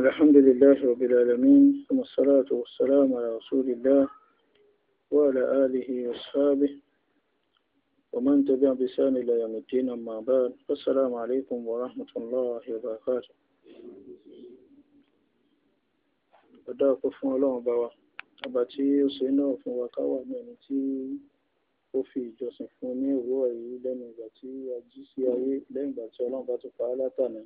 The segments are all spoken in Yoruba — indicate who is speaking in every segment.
Speaker 1: الحمد لله رب العالمين ثم الصلاة والسلام على رسول الله وعلى آله وأصحابه ومن تبع بسان إلى يوم الدين أما بعد فالسلام عليكم ورحمة الله وبركاته ọ̀dá ọ̀pọ̀ fún ọlọ́run bá wa ọba tí ó ṣe náà fún wa ká wà ní ẹni tí ó fi ìjọsìn fún ní òwúrọ̀ yìí lẹ́nu ìgbà tí a jí sí ayé lẹ́yìn ìgbà tí ọlọ́run bá tún pa á látàná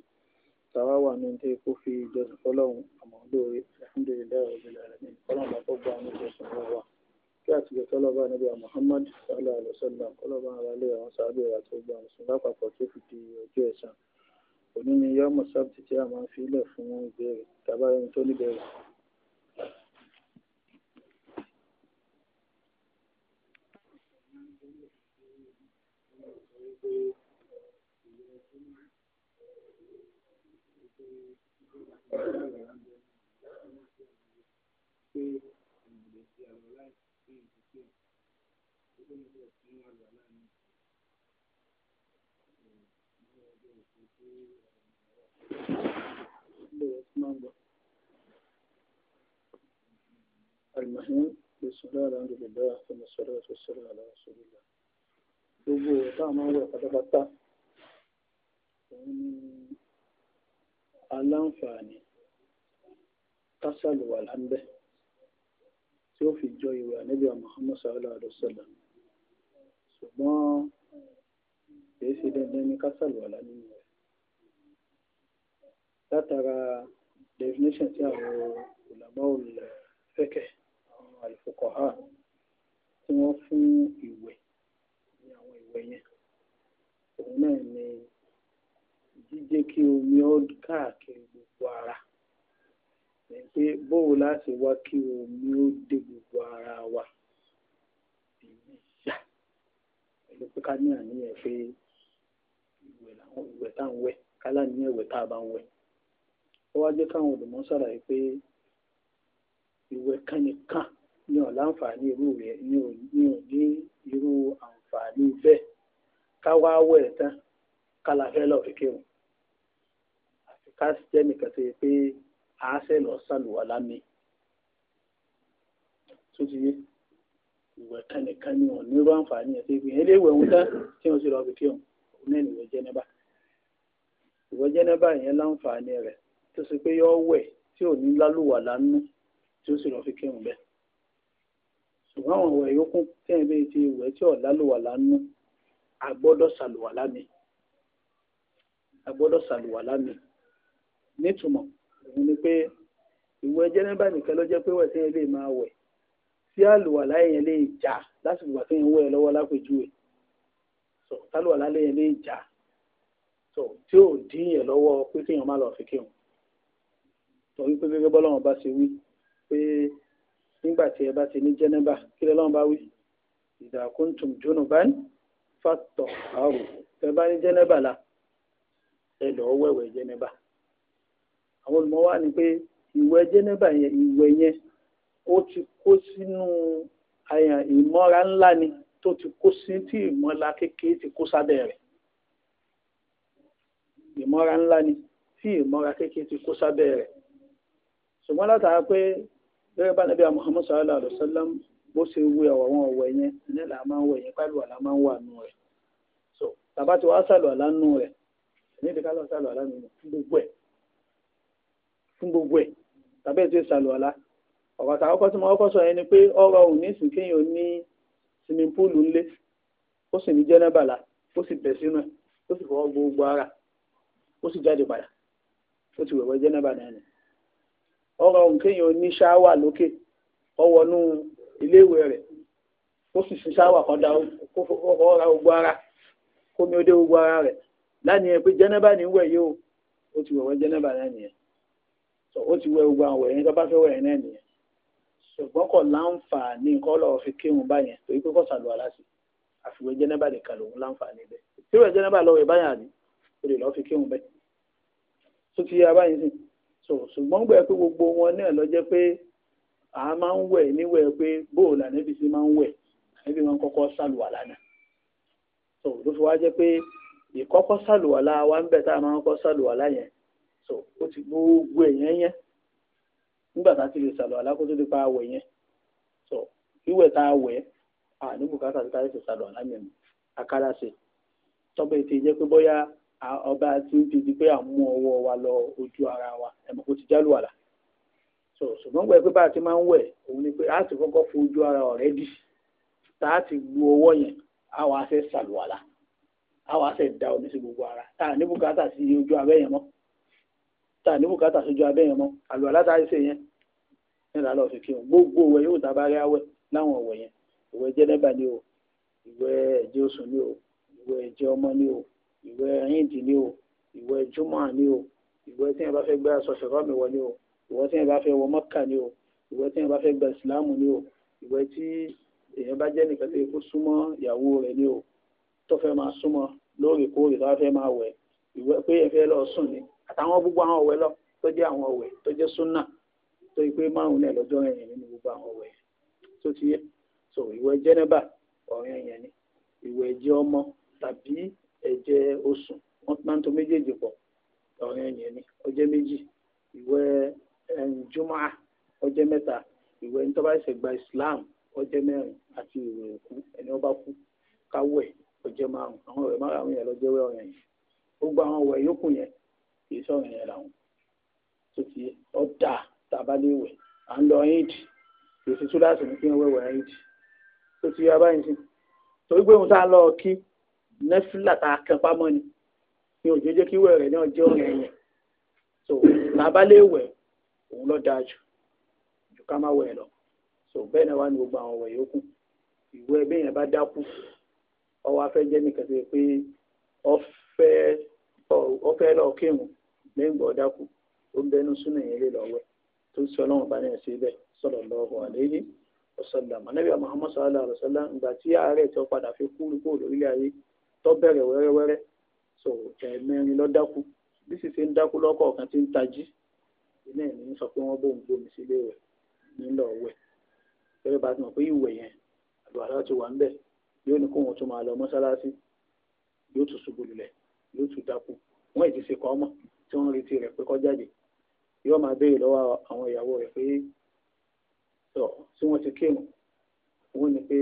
Speaker 1: sàrà wà ní tẹ́ kó fi ìjọsìn fọlọ́run àmọ́ lóore alhamdulilayi rabbil alamin fọlọ́run bá kọ́ gba ní ìjọsìn wọn wà kí àtìgbẹ́ tọ́lọ́ba níbi Muhammad sallallahu alayhi wa sallam kọ́lọ́ba ara lé àwọn sábẹ́ àti gbogbo àwọn sùn lápapọ̀ tó fi di ọjọ́ ẹ̀san òní ni yọmọ sábà tí a máa fi ilẹ̀ fún ìbéèrè tàbá ẹni tó níbẹ̀rẹ̀. Thank you. المهم بسم الله الحمد لله ثم الصلاة والسلام على رسول الله gbogbo ẹ̀ táwọn máa ń wẹ̀ aláǹfààní kásàlùwà lábẹ́ tí ó fi jọ ìwé ànábì Muhammad sallallahu alaihi wasallam ṣùgbọ́n kìí ṣe dandan ní kásàlùwà lábẹ́ rẹ̀ látara definition tí àwọn olùlàmọ́ fẹ́kẹ̀ àwọn àlùfọkọ̀há tí wọ́n fún ìwé ní àwọn ìwé yẹn òun náà ni jíjẹ́ kí omi ó káàkiri gbogbo ara pé bóò láti wá kí omi ó dé gbogbo ara wa ìyá pẹ̀lú pé ká ní àníyàn pé ìwẹ̀ làwọn ìwẹ̀ tá à ń wẹ̀ kálá ní ẹ̀wẹ̀ tá a bá ń wẹ̀ ó wá jẹ́ káwọn olùmọ̀ ṣàlàyé pé ìwẹ̀ kánìkan ní ọ̀la àǹfààní irú rẹ̀ ní ò ní irú àǹfààní bẹ́ẹ̀ ká wá wẹ̀ tán kálá fẹ́ lọ́ọ́ fi kírun ká jẹ́ nìkan tó yẹ pé àáṣẹ lọ sàlùwà lámì tó ti yé ìwẹ̀ kánìkan ni wọn nírú àǹfààní ẹ̀ tó yẹ pé ilé ìwẹ̀ ń tán tí wọ́n sì lọ́ọ́ fi kí òun òun náà nìwẹ̀ jẹ́nẹ́bà ìwẹ̀ jẹ́nẹ́bà yẹn láǹfààní rẹ̀ tó sì pé yọ wẹ̀ tí ò ní lálùwà lánú tí ó sì lọ́ọ́ fi kí bẹ́ẹ̀ ṣùgbọ́n àwọn ìwẹ̀ yòókù tẹ́yìn ìwẹ̀ tí ò lálùwà lánú àgbọ́dọ̀ sàlùwà lámì àgbọ́dọ̀ sàlùwà lámì nítumọ̀ òun ni pé ìwẹ̀ jẹ́nẹ́bà nìkan ló jẹ́ pé wẹ̀ sẹ́yìn lè máa wẹ̀ tí àlùwàlá yẹn lè jà lásìkò wà sẹ́yìn wẹ̀ lọ́wọ́ lápèjúwe so tálùwàlá yẹn lè jà so tí ò dín yẹn lọ́wọ́ pé kéèyàn má lọ fi kéwọn torí pé gẹ́gẹ́ bọ́lọ́run bá ṣe wí pé nígbà tí ẹ bá ti ní jẹ́nẹ́bà kí lọ́lọ́run bá wí idha kuntum junuban fattahharu bá ní jẹ́nẹ́bà la ẹ lọ́ọ́ wẹ̀wẹ̀ jẹ́nẹ́bà àwọn olùmọ̀ wá ní pé ìwẹ̀ jẹ́nẹ́bà yẹn ìwẹ̀ yẹn ó ti kó sínú ìmọ́ra ńlá ni tó ti kó sí tí ìmọ́ra kékeré ti kó sábẹ́ rẹ̀ ìmọ́ra ńlá ni tí ìmọ́ra kékeré ti kó sábẹ́ rẹ̀ ṣùgbọ́n látara pé gẹ́gẹ́ bá nàbí Muhammad sallallahu alayhi wa sallam bó ṣe wé ọ̀wọ̀ àwọn ọ̀wọ̀ yẹn ní là máa ń wẹ̀ yẹn pálọ̀ àlá máa ń wà nù rẹ̀ so tàbá ti wá sàlọ̀ àlá nù rẹ̀ ní ìdíkà lọ sàlọ̀ gbogbo ẹ̀ fún gbogbo ẹ̀ tàbí ètò ìsàlùwàlá ọ̀rọ̀ àtàkọ́kọ́ tí mo kọ́kọ́ sọ yẹn ni pé ọ̀rọ̀ ọrụ ní ìsìn kéèyàn ní swimming pool ńlé ó sì ní jẹ́nẹ́bàlà ó sì bẹ̀ sínú ẹ̀ ó sì fọwọ́ gbogbo ara ó sì jáde padà ó ti wẹ̀wẹ̀ jẹ́nẹ́bàlà ẹ̀ ọ̀rọ̀ kéèyàn ní ṣáwà lókè ọwọ́nú iléèwé rẹ̀ ó sì ní wẹ̀ yìí ó ti jẹ́nẹ́bàlà ẹ̀ nìyẹn so ó ti wẹ gbogbo àwọn wẹ̀yìn tó bá fẹ́ wẹ̀yìn náà nìyẹn ṣùgbọ́n kò láǹfààní nǹkan lọ́wọ́ fi kírun báyẹn torí pé kò sàlù aláṣẹ àfiwé jẹ́nẹ́bà nìkan lòun láǹfààní bẹ́ẹ̀ tí wẹ̀ jẹ́nẹ́bà lọ́wọ́ ni ó lè lọ́ọ́ fi kírun bẹ́ẹ̀ tó ti yá báyìí sí so ṣùgbọ́n gbẹ pé gbogbo wọn náà lọ jẹ́ pé a máa ń wẹ̀ níwẹ̀ pé bóòlù ànẹ́bí sí máa ń wẹ̀ ànẹ́bí máa ń kọ́kọ́ sàlù àlànà so ló fi wá jẹ́ pé ìkọ́kọ́ sàlù àlà wa ń bẹ̀ tá a máa ń kọ́ sàlù àlà yẹn so ó ti gbogbo èèyàn yẹn nígbà tá a ti lè sàlọ̀ alákòóso ti àwẹ̀ yẹn so wíwẹ̀ tá a wẹ̀ à ní bùkátà ti táyé ti sàlọ̀ alámìíràn àkàrà ṣe tọ́bẹ̀ ti jẹ́ pé bóyá ọba ti ń fi di pé à ń mú ọwọ́ wa lọ ojú ara wa ẹ̀mọ̀ kó ti jálù àlà so ṣùgbọ́n gbẹ pé bá a ti máa ń wẹ̀ òun ni pé a ti kọ́kọ́ fo ojú ara ọ̀rẹ́ dì tá a ti gbu ọwọ́ yẹn a wàá fẹ́ sàlùwàlà a wàá fẹ́ da omi sí gbogbo ara tá a ní sí ojú abẹ́ yẹn tá a ní bùkátà sójú abẹ́ yẹn mọ́ àlọ́ látàrísẹ́ yẹn nílà lọ́ọ́ fi kírun gbogbo òwe yóò tá bá rí awẹ́ láwọn òwe yẹn ìwẹ̀ jẹ́nẹ́bà ni o ìwẹ̀ ẹ̀jẹ̀ oṣù ni o ìwẹ̀ ẹ̀jẹ̀ ọmọ ni o ìwẹ̀ ẹ̀yìndì ni o ìwẹ̀ júmọ̀ ni o ìwẹ̀ tí yẹn bá fẹ́ gbé aṣọ ṣẹ̀rọ́mì wọ ni o ìwẹ̀ tí yẹn bá fẹ́ wọ mọ́kà ni o ìwẹ̀ tí yẹn bá fẹ́ gba ìsìláàmù ni o ìwẹ̀ tí èèyàn bá jẹ́ nìkan tó yẹ kó súnmọ́ ìyàwó rẹ̀ ni o tó fẹ́ máa súnmọ́ lóòrèkóòrè tó fẹ́ máa wẹ̀ ìwẹ̀ pé ẹ fẹ́ lọ sùn ni àtàwọn gbogbo àwọn ọ̀wẹ́ lọ tó jẹ́ àwọn ọ̀wẹ́ tó jẹ́ súnà tó yí pé márùn náà lọ́jọ́ ẹ̀yìn nínú gbogbo àwọn ọ̀wẹ́ tó ti yẹ so ìwẹ̀ jẹ́nẹ́bà ọ̀rẹ́ ẹ̀yìn ni ìwẹ̀ ẹ̀jẹ̀ ọmọ tàbí ẹ̀jẹ̀ oṣù wọ́n máa ń to méjèèjì pọ̀ ọ̀rẹ́ ẹ̀yìn ni ọjẹ́ méjì ìwẹ̀ jùmọ̀ ọjẹ́ mẹ́ta ìwẹ̀ ní tọ́ba gba Islam ọjẹ́ mẹ́rin àti ìwẹ̀ òkú ẹni ọba kú káwẹ̀ ọjẹ́ márùn àwọn ọ̀rẹ́ márùn yẹn lọ́jẹ́ wẹ́ ọ̀rẹ́ yẹn gbogbo àwọn ọ̀wẹ̀ yókù yẹn kì í sọ̀rọ̀ yẹn làwọn tó ti ọ́ dà a bá lè wẹ̀ à ń lọ éèdì kì í láti ní kí wọ́n wẹ̀wẹ̀ éèdì tó ti yá báyìí sìn torí pé òun tá a lọ kí nẹ́fìlà tá a kan pamọ́ ni ni òjò jẹ́ kí wẹ̀rẹ̀ náà jẹ́ ọ̀rẹ́ yẹn so tá a bá lè wẹ̀ òun ló dáa jù jù ká má wẹ̀ lọ so bẹ́ẹ̀ náà wà ní gbogbo àwọn wẹ̀ yòókù ìwé ẹbí yẹn bá dákú ọwọ́ afẹ́ jẹ́ nìkan tó yẹ pé ọfẹ́ lọ kírun lẹ́yìn ìgbà ọ̀dà kù ó ń bẹnu súnà yẹn lé lọ́wọ́ tó ń sọ ọlọ́run bá náà sí ibẹ̀ sọ̀rọ̀ lọ́wọ́ àléyé ọ̀sọ̀lá mọ̀nàbí Muhammad sallallahu alaihi wasallam ìgbà tí àárẹ̀ tó padà fi kú kó lórílẹ̀ ayé tó bẹ̀rẹ̀ wẹ́rẹ́wẹ́rẹ́ sọ ẹ̀mẹrin ló dákú bí sì ṣe ń dákú lọ́kọ̀ọ̀kan tí ń tají iná sọ pé wọ́n bóun sílé rẹ̀ nílò bá ti mọ̀ pé ìwẹ̀ yẹn ti wà yóò ní kó wọn tún máa lọ tí wọ́n ń retí rẹ̀ pé kó jáde yóò máa béèrè lọ́wọ́ àwọn ìyàwó rẹ̀ pé sọ tí wọ́n ti kírun wọ́n ní pé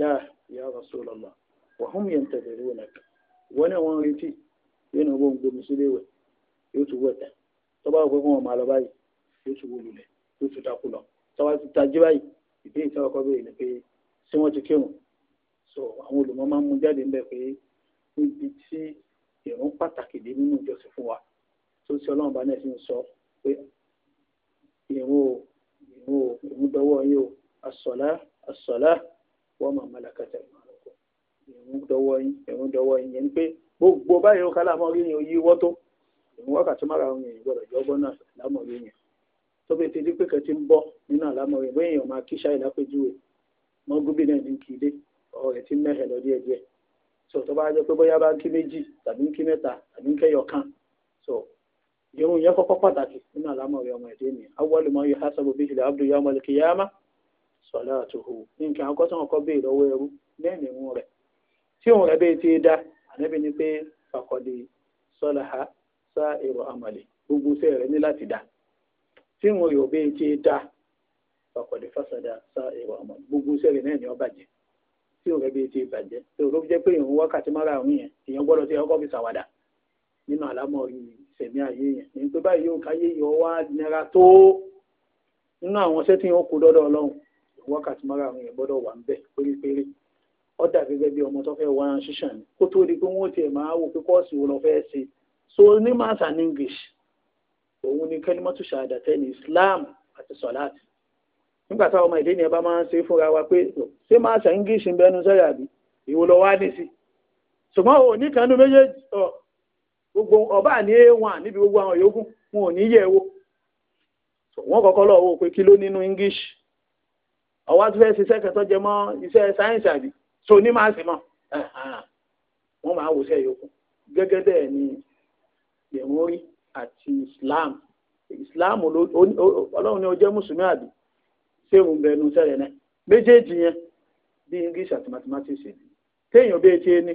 Speaker 1: láà ya Rasulullah wa hum yantadhirunak wọ́n náà wọ́n ń retí yóò náà wọ́n gbomi sílé wẹ̀ yóò tún wẹ̀ tẹ̀ tọ́ba òpin fún wọn máa lọ báyìí yóò tún wọ lulẹ̀ yóò tún dákú lọ tọ́ba ti tají báyìí ìbéèrè tí wọ́n kọ́ béèrè ni pé tí wọ́n ti kírun so àwọn olùmọ̀ máa ń mú jáde ńbẹ pé níbi tí ìrún pàtàkì dé nínú ìjọsìn fún wa tó ṣe ọlọ́run bá náà fi ń sọ pé ìrun o ìrun o ìrun dọwọ́ yín o àsọ̀lá àsọ̀lá wọ́n máa malakata ìmọ̀ràn ìrun dọwọ́ yín ìrun dọwọ́ yín yẹn pé gbogbo báyìí ó kálá mọ́ rí yín oyí wọ́ tó ìrun wákàtí mara àwọn èèyàn gbọ́dọ̀ jẹ́ ọgbọ́n náà lámọ̀ rí yín tó bẹ́ẹ̀ ti di pé kẹ́tí ń bọ́ nínú àlámọ̀ rí bóyá èèyàn máa kíṣà ìlápẹ́júwe mọ́ gómìnà ní kì jẹ́ pé bóyá bá ń kí méjì tàbí ń kí mẹ́ta tàbí ń kẹ́yọ̀ kan ìrun yẹn kọ́kọ́ pàtàkì nínú àlámọ̀rẹ́ ọmọ ẹ̀dẹ́ mi awọ́lù máa yọ hasabu bíi ìlà abdul yahoo maliki yama sọlá nke ní nǹkan akọ́sọ́ ọkọ́ bẹ́ẹ̀ lọ́wọ́ ẹrú bẹ́ẹ̀ ni ìrun rẹ̀ tí òun rẹ̀ bẹ́ẹ̀ ti da ànábì ni pé fàkọ́dé sọlá ha sá èrò àmàlẹ̀ gbogbo iṣẹ́ rẹ̀ ní ti gbogbo ni ti ìsẹ̀mí ayé yẹn ní pé báyìí yóò káyé yọ wá nira tó nínú àwọn iṣẹ́ tí yóò kó dọ́dọ̀ ọlọ́run wákàtí mara àwọn yẹn gbọ́dọ̀ wà ń bẹ̀ pérépéré ó dà gẹ́gẹ́ bí ọmọ tó fẹ́ wá ṣíṣàn ni kó tó di pé wọ́n tiẹ̀ máa wò pé kọ́ọ̀sì wo lọ fẹ́ ṣe so ní maths and english òun ni kẹ́límọ́tò ṣàdàtẹ́ ní islam àti sọ̀láàtì nígbà táwọn ọmọ ìdí ni ẹ bá máa ń ṣe fúnra wa pé ṣé maths and english ń bẹnu sẹ́yà bí ìwò lọ wá ní sí ṣùgbọ́n òní kanú méjèèjì gbogbo ọba ní a níbi gbogbo àwọn yòókù wọn ò ní yẹ̀ wò Wọn kọkọ lọ wò pé kí ló nínú english ọwọ́ tó fẹ́ ṣiṣẹ́ kẹtọ́ jẹ mọ́ iṣẹ́ sáyẹ́nsì àbí tó ní máa sì mọ́ wọ́n máa wòṣẹ́ yòókù gẹ́gẹ́ bẹ́ẹ̀ ni yẹ̀mórí àti islam islam Ọlọrun ni ó jẹ́ mùsùlùmí àbí séun bẹnu sẹ́rẹ̀ náà méjèèjì yẹn bí english àti mathematics ṣe téèyàn bẹ́ẹ̀ ṣe ní.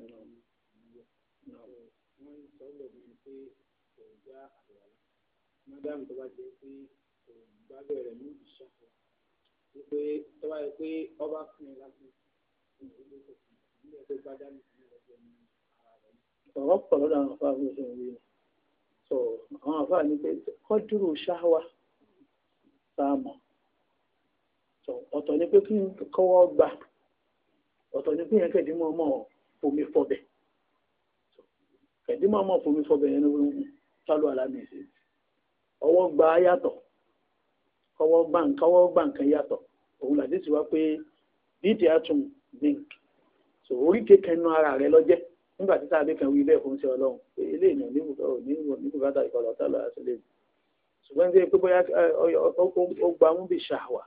Speaker 1: wọ́n sọ lọ́gbọ̀n yẹn pé kò já àlùwàlá mọ́dàmù tó bá jẹ́ pé kò bá bẹ̀rẹ̀ ní ìṣàkóso wípé tó bá yẹ pé ọba fún mi lásán ìdílé tó fún mi nílẹ̀ tó bá dá mi sílẹ̀ lọ́jọ́ ní ara rẹ̀. ọ̀rọ̀ pọ̀ lọ́dọ̀ àwọn afáà fún ìṣòro yìí sọ àwọn afáà ní pé kọ́ dúró ṣáwá sáàmù ọ̀tọ̀ ni pé kí n kọ́wọ́ gbà ọ̀tọ̀ ni pé yẹn kẹ̀dí mọ́ ọmọ fomi fọbẹ̀ kẹ̀dí máa mọ̀ fomi fọbẹ̀ yẹn ní sálù alámìsí ọwọ́ gba yàtọ̀ kọwọ́ gbà kọwọ́ gbà nǹkan yàtọ̀ òun làdí wá pé bíìtì so oríkèé kẹnu ara rẹ nígbà tí kan wí fún sí pé bóyá ó gba mú bí ṣàwà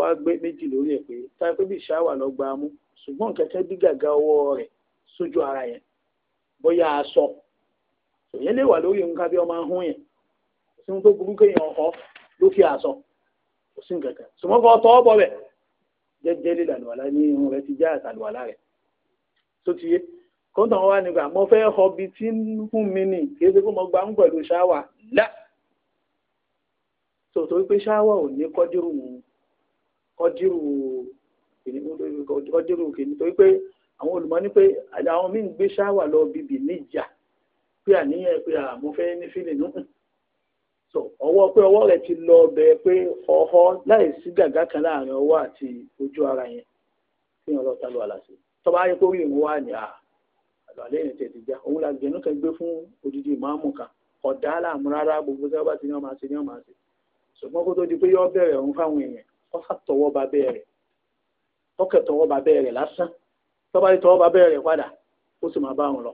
Speaker 1: wá gbé méjì lórí pé táyà pé bí ṣàwà lọ gba mú bí gàgà sójú ara yẹn bóyá aṣọ èyàn lè wà lórí nǹkan bí ọmọ ahọ́n yẹn kò sí ohun tó burú kéèyàn ọkọ lókè aṣọ kò sí nǹkan kan sùmọ́kọ tọ́ bọ̀ bẹ̀ jẹ́jẹ́ lè làlùwàlá ní irun rẹ ti já àtàlùwàlá rẹ tó ti yé kóńtà wọn wá nígbà mo fẹ́ họ bi tí ń fún mi nì kí ẹ ṣe kó mo gbà ń pẹ̀lú ṣáwà lá tòótọ́ wípé ṣáwà ò ní kọ́dírù kọ́dírù kìnnìún kọ́dírù kìnnìún àwọn olùmọ̀ ní pé àwọn míì ń gbé ṣáwà lọ bìbì níjà pé àníyàn pé àmọ́ fẹ́ ní fílìn so ọwọ́ pé ọwọ́ rẹ̀ ti lọ bẹ̀ pé ọ̀họ́ láì sí gàgá kan láàrin ọwọ́ àti ojú ara yẹn fi hàn lọ́ta lọ́wọ́ àlàsì tọ́ba ayé kórìí ìwọ̀n wà ní àlọ́ àlẹ́ ìrìn tètè já òun la gbẹ̀nú kan gbé fún odidi ìmáàmù kan ọ̀dà aláàmú gbogbo tí wọ́n bá ti ní wọ́n máa ní wọ́n máa ṣùgbọ́n kó tó di pé yọ bẹ̀rẹ̀ òun fáwọn èèyàn ọkà tọwọ́ ba bẹ́ẹ̀ rẹ̀ ọkà tọwọ́ ba bẹ́ẹ̀ rẹ̀ lásán tọ́ba tí tọ́wọ́ bá bẹ̀rẹ̀ padà ó sì máa bá wọn lọ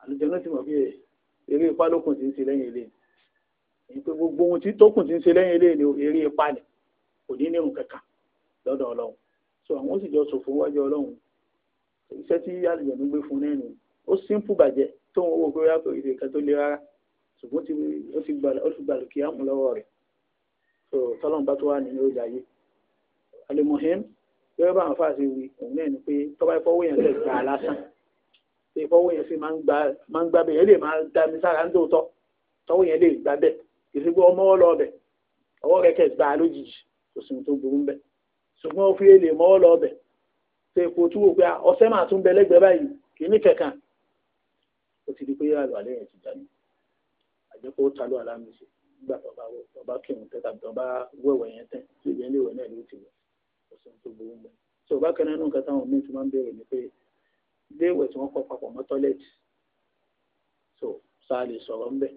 Speaker 1: àlùjànnú ti mọ̀ bí eré ipá lókun ti ń ṣe lẹ́yìn ilé ni pé gbogbo ohun tí tókun ti ń ṣe lẹ́yìn ilé ni eré ipá ni kò ní nírun kankan lọ́dọ̀ ọlọ́run so àwọn ó sì jọ sòfò wájú ọlọ́run iṣẹ́ tí àlùjànnú gbé fún náà nù ó símpù bàjẹ́ tóun owó pé wáyà pé ìkan tó le rárá ṣùgbọ́n ó ti gbàlù kí á mú lọ́wọ́ rẹ̀ so tọ́lọ́mùbá tó wà nínú ìjà yìí alimohim gẹ́gẹ́ bá àwọn fàṣẹ wí òun náà ni pé tọ́ba ìfọwọ́ yẹn lè gbà lásán ìfọwọ́ yẹn sì máa ń gbà bẹ́ẹ̀ yẹn lè máa da mi sára ń dòótọ́ tọ́wọ́ yẹn lè gbà bẹ́ẹ̀ ìsìnkú ọmọ ọlọ ọbẹ̀ ọwọ́ rẹ̀ kẹ̀ gbà lójijì kò sì tó burú bẹ́ẹ̀ ṣùgbọ́n òfin èlè mọ́ ọlọ ọbẹ̀ ṣe kò tún wò pé ọsẹ máa tún bẹ lẹ́gbẹ̀ẹ́ báyìí kì í ní kẹ̀kan ó ti di pé àlọ́ àlẹ́ yẹn ti dà ní àjẹpọ̀ ó ta ló àlámì sí nígbà tó bá kírun tẹ́tàbí tó bá wẹ̀wẹ̀ yẹn tẹ̀ ṣèjẹ́ ilé ìwẹ̀ náà ló ti wẹ̀ kò tó burú bẹ́ẹ̀ so bákan náà nǹkan táwọn míín ti máa ń béèrè ni pé iléèwẹ̀ tí wọ́n kọ́ papọ̀ mọ́ tọ́lẹ́ẹ̀tì so sáà lè sọ̀rọ̀ ńbẹ̀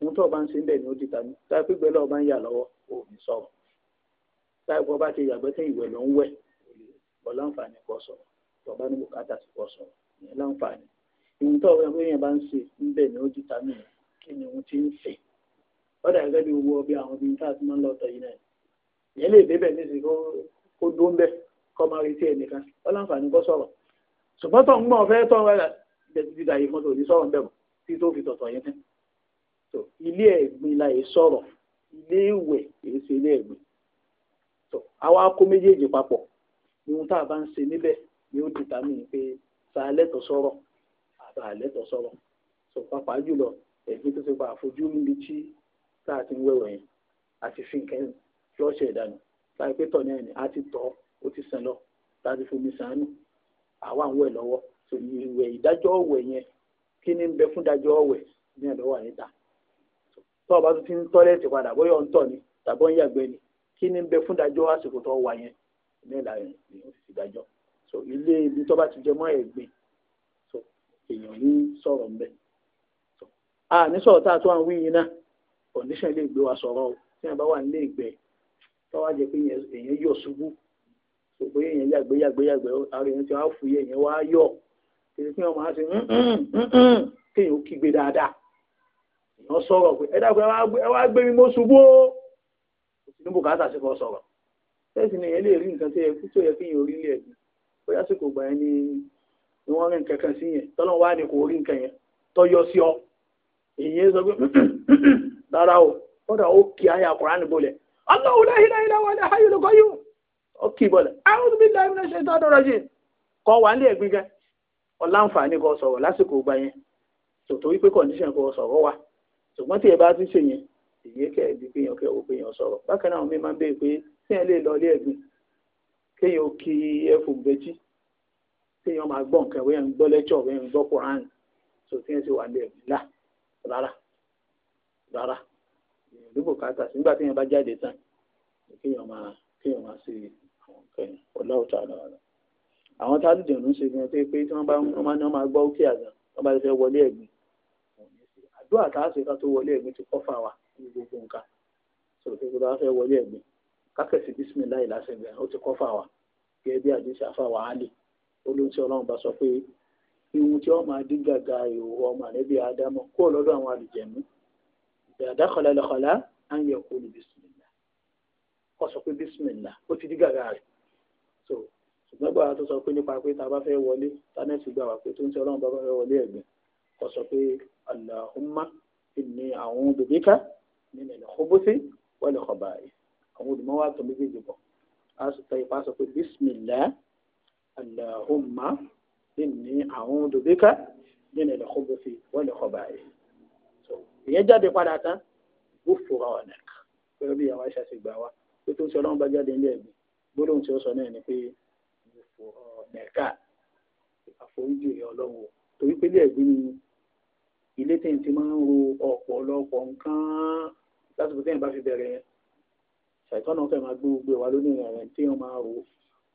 Speaker 1: ohun tó o bá ń ṣe ńbẹ̀ ni ó di tani táà pípẹ́ lọ́ọ́ bá ń yà lọ́wọ́ ò ní sọ̀rọ̀ táà ìfọ́ bá ti yàgbẹ́ tẹ́ ìwẹ̀ ló ń wẹ̀ ò láǹfààní kọ́ sọ̀rọ̀ tọ́ba ní bùkátà ti kọ́ sọ̀rọ̀ ìyẹn láǹfààní ìhun tó ọ̀rẹ́ pé yẹn bá ń ṣe ńbẹ̀ ni ó di tani kí ni ohun ti ń ṣe ọ̀dà gẹ́gẹ́ bí gbogbo ọbẹ̀ àwọn obìnrin tá ti máa ń lọ tọ̀ yìí náà ìyẹn lè débẹ̀ níṣẹ́ kó dó ń bẹ kọ́ máa retí ẹnìkan ó láǹfààní kó sọ̀rọ̀ ṣùgbọ́n tó ń gbọ́n fẹ́ tọ́ ẹ̀ dídà yìí fún tòun ní sọ̀rọ̀ ń bẹ̀ mọ́ tí tó fi tọ̀tọ̀ yẹn tán tó ilé ẹ̀gbin la yìí sọ̀rọ̀ ilé ìwẹ̀ kìí ṣe ilé ẹ̀gbin tó àwa kó méjèèjì papọ̀ ohun tá a bá ń ṣe níbẹ̀ ni ó dìtà mí pé sa alẹ́tọ̀ sọ̀rọ̀ àbá alẹ́tọ̀ sọ̀rọ̀ tó pàápàá jùlọ ẹ̀gbin tó ti pa àfojú níbi tí tá a ti ń wẹ̀wẹ̀ yẹn àti fi nǹkan lọ́ọ̀ṣẹ̀ ìdánù láì pé tọ̀ náà ni a ti tọ̀ ó ti sàn lọ láti fomi sànù àwa ń wẹ̀ lọ́wọ́ ìwẹ̀ ìdájọ́ ọ̀wẹ̀ yẹn kí ni ń bẹ fún ìdájọ́ ọ̀wẹ̀ ní ẹ̀dọ́ wà níta tọ́ ọba tó ti ń tọ́lẹ̀tì padà bóyá ń tọ̀ ni tàbọ̀ ń yàgbẹ́ ni kí ni ń bẹ fún ìdájọ́ àsìkò tó wà yẹn ní ìlà yẹn ni ó ti dájọ́ so ilé ibi tó bá ti jẹ mọ́ ẹ̀gbin so èèyàn ní sọ̀rọ̀ ń so a ní sọ̀rọ̀ tá a tó à ń wí yìí náà condition ilé ìgbé wa sọ̀rọ̀ o tí wọ́n bá wà nílé ìgbẹ́ tọ́wọ́ jẹ́ pé èèyàn yọ̀ ṣubú kò pé èèyàn yàgbé yàgbé yàgbé ara èèyàn ti wá fúyẹ́ èèyàn wá yọ̀ èyí tí wọ́n máa ṣe mm, mm, mm, kéèyàn ó kígbe dáadáa èèyàn sọ̀rọ̀ pé ẹ dákun ẹ wá gbé mi mo ṣubú o kò sí ní bùkátà sí kò sọ̀rọ̀ tẹ́sí ni èèyàn lè rí nǹkan tó yẹ kéèyàn orí bóyá sì kò gbà ni wọ́n sí yẹn o ó Allahu la ilaha illa huwal hayyul qayyum ó kì í bọ̀lẹ̀ a'udhu billahi minash shaitanir rajim kọ́ wà nílé ẹ̀gbin gan ọ̀làǹfààní kò yen. lásìkò gba yẹn tòtò condition kò sọ̀rọ̀ wa ṣùgbọ́n tí ẹ bá ti ṣe yẹn èyí kẹ́ ẹ̀dí pé yẹn kẹ́ ò pé yẹn sọ̀rọ̀ bákan mi ẹ lè lọ ilé ẹ̀gbin kéèyàn ó kí Quran ti wà èèyàn ló bùkátà sí nígbà tí èèyàn bá jáde tán kéèyàn máa kéèyàn máa ṣe àwọn nǹkan yẹn ọlá ọ̀tá ara àwọn tá a dìde ọ̀nà ń ṣe gan pé pé tí wọ́n bá wọ́n máa ní wọ́n máa gbọ́ òkè àgbà wọ́n bá fẹ́ wọlé ẹ̀gbìn àdúrà tá a ṣe ká tó wọlé ẹ̀gbìn ti kọ́ fà wá ní gbogbo nǹkan sọ̀rọ̀ pé bá fẹ́ wọlé ẹ̀gbìn kákẹ́sì bísímìláì lásẹ̀ gan ó ti kọ́ fà wá gẹ́gẹ́ bí àdìsí àfàwà áàlì ó ló ń tí ọlọ́run bá sọ pé ihun tí wọ́n máa dín gàgà ìhòòhò ọmọ àlẹ́bí ádámọ̀ kó lọ́dọ̀ àwọn àlùjẹ̀mú dàdá kọlẹ́lẹ́kọlá á ń yẹ kó lu bisimilá kó sọ pé bisimilá ó ti di gàgà rẹ̀ so ṣùgbọ́n gbàgbà tó sọ pé nípa pé tá a bá fẹ́ wọlé tánẹ́ẹ̀tì gbà wá pé tó ń sọ ọlọ́run bá bá fẹ́ wọlé ẹ̀gbìn kó sọ pé alahumma inni àwọn bèbíkà nínú ilẹ̀ kóbósí wọlé kọba yìí àwọn olùmọ̀ wa tó méjèèjì bọ̀ a sì tẹ ipa sọ pé bisimilá alahumma inni àwọn bèbíkà nínú ilẹ̀ kóbósí wọlé kọba yìí ìyẹn jáde padà tán ó fòrà ọ̀nà kan pẹ̀lú bí àwọn aṣáṣe gbà wá pé tó ń sọ ọlọ́run bá jáde ilé ẹ̀mí gbólóhùn tí ó sọ náà ni pé ó fòrà ọ̀nà kan àforíjì ìyẹn ọlọ́run o torí pé ilé ẹ̀gbí ni ilé tẹ̀yìn ti máa ń ro ọ̀pọ̀lọpọ̀ nǹkan lásìkò tẹ̀yìn bá fi bẹ̀rẹ̀ yẹn ṣàìtọ́nà ọ̀fẹ́ máa gbé gbogbo ìwà lónìí rẹ̀ tí wọ́n máa ro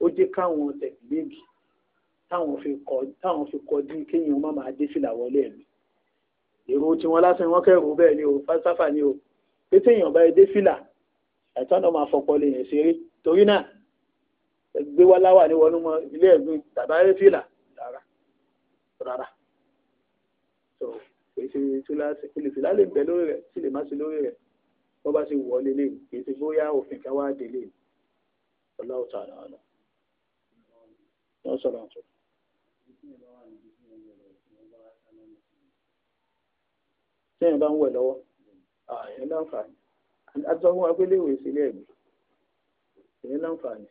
Speaker 1: ó jẹ́ káwọn tẹ̀gbẹ́gì táwọn fi kọ́ táwọn fi kọ́ dín kéèyàn má máa dé fìlà wọlé ẹ̀mí èrò tiwọn lásán wọn kẹrù bẹ́ẹ̀ ni o fásáfà ni o pété èèyàn bá dé fìlà ẹ̀tọ́ náà máa fọpọ lè yẹn ṣeré torí náà gbé wá láwà ní wọnú mọ ilé ẹ̀gbìn tàbá rẹ fìlà rárá rárá tó kì í ṣe túláàsì olùfìlà lè bẹ lórí rẹ sì lè má sí lórí rẹ bó bá ṣe wọ ọ lélẹyìn kì í ṣe bóyá òfin kan wá délé ọlọ́ọ̀tà náà lọ. wọ́n sọ̀rọ̀ àtúntò. tẹ́yìn bá ń wẹ̀ lọ́wọ́ ẹ̀ láǹfààní àtọ́wọ́ agbéléwé sílé ẹ̀mí ẹ̀ láǹfààní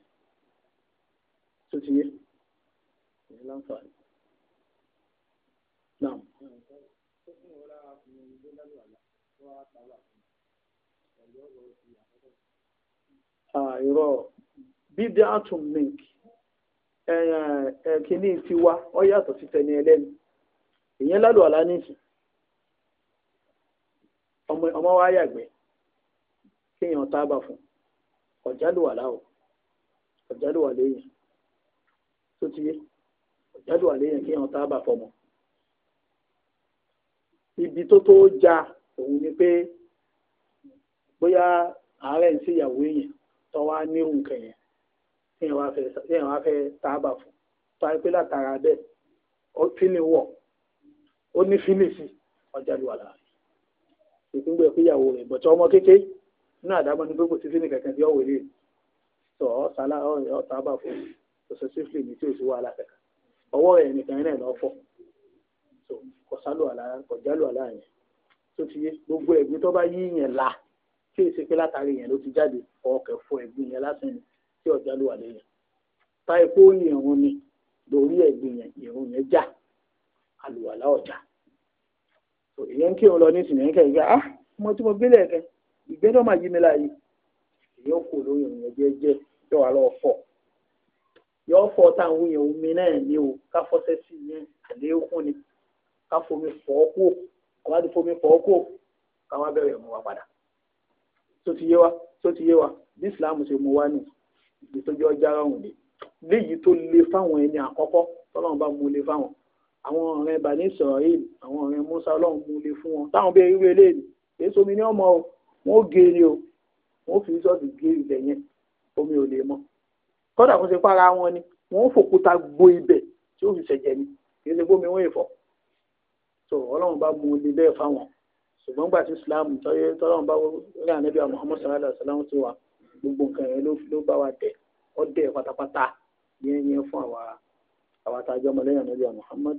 Speaker 1: tó ti yé ẹ̀ láǹfààní. Naam. Àìrọ̀ bídí àtùm mink ẹ̀kíní tiwa ọ yàtọ̀ sí tẹni ẹlẹ́ni ìyẹn lálùwàlá nìyí ọmọ wa yàgbẹ́ kéèyàn tábà fún ọ̀jálùwà láwọ̀ ọ̀jálùwà léèyàn tó ti yé ọ̀jálùwà léèyàn kéèyàn tábà fọmọ. ibi tó tó ja òun ni pé bóyá àárẹ̀ ń ṣèyàwó èèyàn tó wá ní nǹkan yẹn téèyàn wá fẹ́ tábà fún tó wá pé látara bẹ́ẹ̀ fílì wọ̀ ó ní fílì sí ọ̀jálùwà láwọ̀ ìpínpẹ fúyàwó rẹ bọtọ ọmọ kékeré nínú àdámọ ní gbogbo títí ní kankan tí ọwọ ilé sọ ọsàlá ọtàbà fún ọsọsífìlì ní tí o sì wà alákàkà ọwọ́ rẹ nìkan náà lọ fọ kọsálù àlá kọjálù àlá yẹn tó ti yé gbogbo ẹ̀gbin tó bá yí yẹn la tí èsì pé látàrí yẹn ló ti jáde ọkẹ fọ ẹ̀gbin yẹn lásán ni tí ọjálù àlá yẹn táyé pé ó yẹn òun ni lórí ẹ̀gbin yẹn ìrùn yẹn já àlùwàlá ọjà èèyàn kí òun lọ ní ìsìn ẹ̀ńkẹ́ ìgbà ah mo tí mo gbélé ẹ̀kẹ́ ìgbẹ́dọ̀ máa yí mi láàyè èèyàn kò lórí ìrìnà jẹ́jẹ́ yóò wá lọ́ọ́ fọ̀ yóò fọ táwọn èèyàn omi náà ní o ká fọ́sẹ́ sí i yẹn àléékún ni ká fomi fọ́ kó àbájú fomi fọ́ kó káwá bẹ̀rẹ̀ mú wa padà tó ti yé wa tó ti yé wa bí Islam ṣe mú wa nù ìtọ́jú ọjà ọ̀hún ni léyìí tó le fáwọn ẹni àkọ́kọ́ tọ́lọ́run bá mú le fáwọn àwọn ọ̀rẹ́ bani sọ̀rọ̀ìl àwọn ọ̀rẹ́ musa ọlọ́run kún lè fún wọn táwọn bẹ́ẹ̀ irú eléyìí èso mi ní ọmọ o wọn ò gé ni o wọn ò fi sọ́ọ̀sì gé ilẹ̀ yẹn omi ò lè mọ kọ́dà kó ṣe fara wọn ni wọn ò fòkúta gbo ibẹ̀ tí ó fi ṣẹ̀jẹ̀ ni kì í ṣe bómi wọn èèfọ̀ so ọlọ́run bá mú ilé bẹ́ẹ̀ fáwọn ṣùgbọ́n gbà tí islam tọ́yẹ tọ́lọ́run bá rí ànábì muhammad sallallahu alayhi wa sallam ti wà gbogbo nǹkan yẹn ló bá wa dẹ̀ ọ́ dẹ̀ pátápátá yẹn yẹn fún àwa àwa tá a jẹ́ ọmọlẹ́yìn ànábì muhammad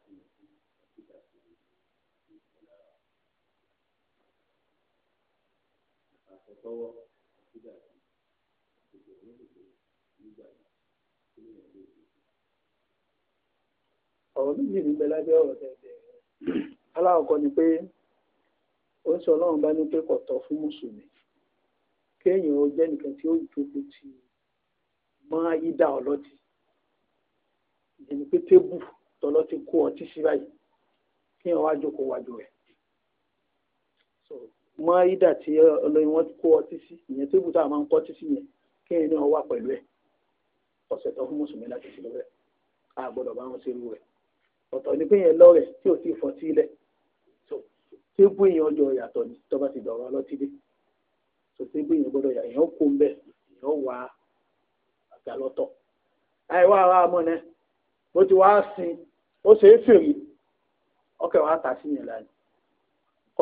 Speaker 1: àtọ̀tọ́wọ́ àtúndà ìgbà nígbà nígbà tí ó yàn lóde. ọ̀rọ̀ méjì ń bẹ lábẹ́ ọ̀rọ̀ tẹ̀lé aláwọ̀kọ́ ni pé ó sọ ọlọ́run bá ní pé kò tọ́ fún mùsùlùmí kéèyàn ó jẹ́ nìkan tí ó jókòó ti mọ́ ìdá ọlọ́tì ìyẹn pé tébù tọ́lọ́ ti kó ọtí sí báyìí kéèyàn wá jókòó wájú rẹ̀ mọ́ ìdà tí ọlọ́yin wọn kó ọtí sí ìyẹn tó ibùdó àwọn kọ́ ọtí sí yẹn kí ẹni náà wà pẹ̀lú ẹ̀ ọ̀sẹ̀ tó fún mùsùlùmí láti ṣe lọ́rẹ̀ a gbọ́dọ̀ bá wọn ṣe irú rẹ̀ ọ̀tọ̀ ni pé yẹn lọ́rẹ̀ tí ò tí ì fọtí ilẹ̀ tó bú èèyàn ọjọ́ yàtọ̀ ni tó bá ti dọ̀rọ̀ ọlọ́tí dé tó tó bú èèyàn gbọ́dọ̀ yà èèyàn kó ń bẹ̀ èèyàn wà àga lọ́tọ̀ àìwá ara mọ́ náà bó ti wá sin ó ṣe é fèrè ọkẹ́ wàá tà sí yẹn lánàá